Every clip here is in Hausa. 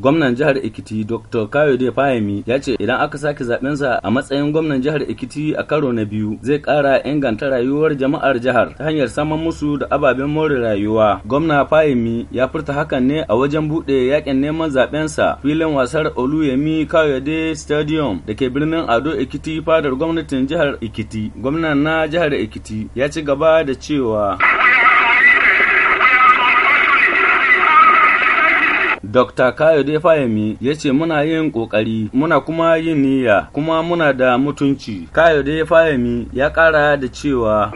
gwamnan jihar Ikiti Dr. Kayode Fayemi ya ce idan aka sake zaɓensa a matsayin gwamnan jihar Ikiti a karo na biyu zai ƙara inganta rayuwar jama'ar jihar ta hanyar saman musu da ababen more rayuwa. Gwamna Fayemi ya furta hakan ne a wajen buɗe yakin neman zaɓensa filin wasar Oluyemi Kayode Stadium da ke birnin Ado Ekiti fadar gwamnatin jihar Ikiti, Gwamnan na jihar Ikiti ya ci gaba da cewa. Dr. Kayode Fayemi ya ce muna yin ƙoƙari, muna kuma yin niyya, kuma muna da mutunci. Kayode Fayemi ya ƙara da cewa.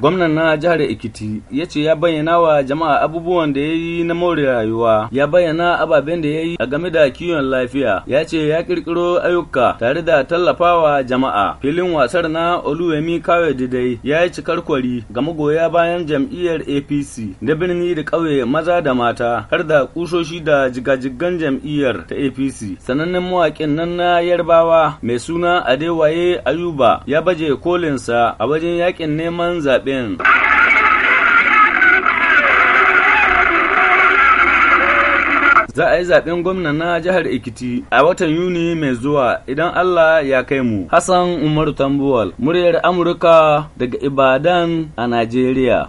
Gwamnan na jihar Ekiti ya ce ya bayyana wa jama'a abubuwan da ya yi na more rayuwa, ya bayyana ababen da ya yi a game da kiwon lafiya, ya ce ya kirkiro ayyuka tare da tallafawa jama'a. Filin wasar na Oluwemi Kawe Didai ya yi cikar kwari ga magoya bayan jam'iyyar APC da birni da ƙauye maza da mata har da kusoshi da jigajigan jam'iyyar ta APC. Sanannen mawaƙin nan na Yarbawa mai suna Adewaye Ayuba ya baje kolinsa a wajen yakin neman zaɓe Za a yi zaɓen gwamna na jihar Ekiti a watan Yuni mai zuwa idan Allah ya kai mu. Hassan Umaru Tambuwal, muryar Amurka daga Ibadan a Najeriya.